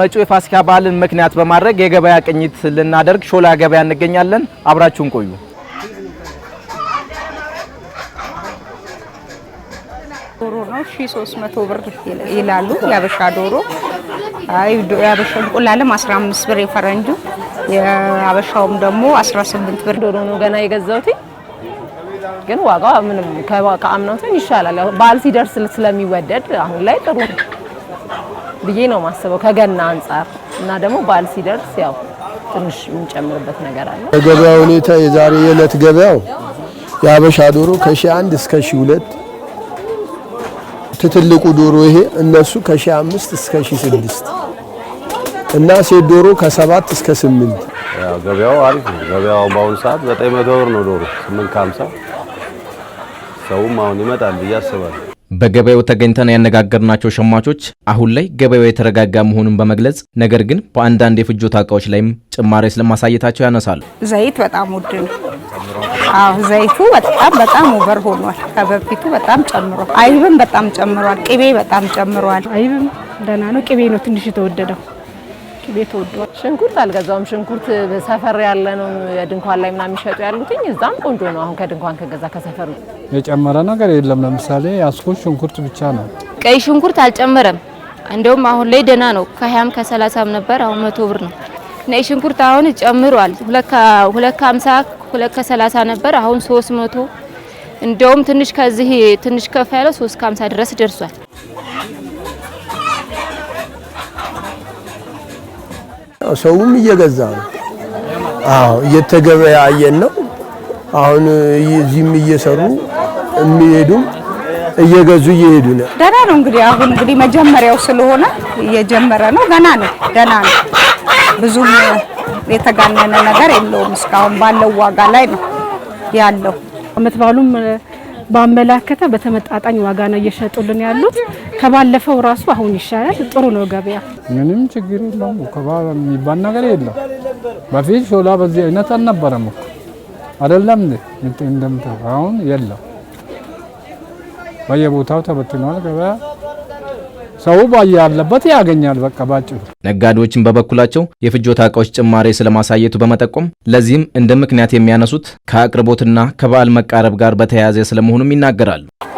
መጪው የፋሲካ በዓልን ምክንያት በማድረግ የገበያ ቅኝት ልናደርግ ሾላ ገበያ እንገኛለን። አብራችሁን ቆዩ። ዶሮ ነው ሺ ሦስት መቶ ብር ይላሉ የአበሻ ዶሮ። አይ የአበሻ እንቁላልም 15 ብር የፈረንጁ የአበሻውም ደግሞ 18 ብር ዶሮ ነው ገና የገዛሁት፣ ግን ዋጋው ምንም ከአምናው ይሻላል። በዓል ሲደርስ ስለሚወደድ አሁን ላይ ጥሩ ነው። ብዬ ነው የማስበው ከገና አንጻር እና ደግሞ በዓል ሲደርስ ያው ትንሽ የምንጨምርበት ነገር አለ። የገበያ ሁኔታ የዛሬ የዕለት ገበያው የአበሻ ዶሮ ከሺህ አንድ እስከ ሺህ ሁለት ትትልቁ ዶሮ ይሄ እነሱ ከሺህ አምስት እስከ ሺህ ስድስት እና ሴት ዶሮ ከሰባት እስከ ስምንት ገበያው አሪፍ ነው። ገበያው በአሁኑ ሰዓት ዘጠኝ መቶ ብር ነው ዶሮ ስምንት ከሀምሳ ሰውም አሁን ይመጣል ብዬ አስባለሁ። በገበያው ተገኝተን ያነጋገርናቸው ሸማቾች አሁን ላይ ገበያው የተረጋጋ መሆኑን በመግለጽ ነገር ግን በአንዳንድ የፍጆታ እቃዎች ላይም ጭማሪ ስለማሳየታቸው ያነሳሉ። ዘይት በጣም ውድ ነው። አዎ ዘይቱ በጣም በጣም ኦቨር ሆኗል። ከበፊቱ በጣም ጨምሯል። አይብም በጣም ጨምሯል። ቅቤ በጣም ጨምሯል። አይብም ደህና ነው። ቅቤ ነው ትንሽ የተወደደው ሽንኩርት ቤት ተወዷል። ሽንኩርት አልገዛውም። ሽንኩርት ሰፈር ያለ ነው ድንኳን ላይ ምናምን የሚሸጡ ያሉትኝ እዛም ቆንጆ ነው። አሁን ከድንኳን ከገዛ ከሰፈሩ የጨመረ ነገር የለም። ለምሳሌ ያስኩት ሽንኩርት ብቻ ነው። ቀይ ሽንኩርት አልጨመረም። እንደውም አሁን ላይ ደህና ነው። ከሀያም ከሰላሳም ነበር አሁን መቶ ብር ነው። ነጭ ሽንኩርት አሁን ጨምሯል። ሁለት ከሀምሳ ሁለት ከሰላሳ ነበር አሁን ሶስት መቶ እንደውም ትንሽ ከዚህ ትንሽ ከፍ ያለው ሶስት ከሀምሳ ድረስ ደርሷል። ሰውም እየገዛ ነው። አዎ እየተገበያየን ነው። አሁን እዚህም እየሰሩ የሚሄዱም እየገዙ እየሄዱ ነው። ደህና ነው እንግዲህ አሁን እንግዲህ መጀመሪያው ስለሆነ እየጀመረ ነው። ገና ነው፣ ገና ነው። ብዙም የተጋነነ ነገር የለውም። እስካሁን ባለው ዋጋ ላይ ነው ያለው። አመት ባመላከተ በተመጣጣኝ ዋጋ ነው እየሸጡልን ያሉት። ከባለፈው ራሱ አሁን ይሻላል። ጥሩ ነው ገበያ። ምንም ችግር የለም። ከባለ የሚባል ነገር የለም። በፊት ሾላ በዚህ አይነት አልነበረም እኮ አይደለም እንደምታ አሁን የለም። በየቦታው ተበትኗል ገበያ ሰው ባያለበት ያገኛል። በቃ ባጭሩ ነጋዴዎችን በበኩላቸው የፍጆታ እቃዎች ጭማሬ ስለማሳየቱ በመጠቆም ለዚህም እንደ ምክንያት የሚያነሱት ከአቅርቦትና ከበዓል መቃረብ ጋር በተያያዘ ስለመሆኑም ይናገራሉ።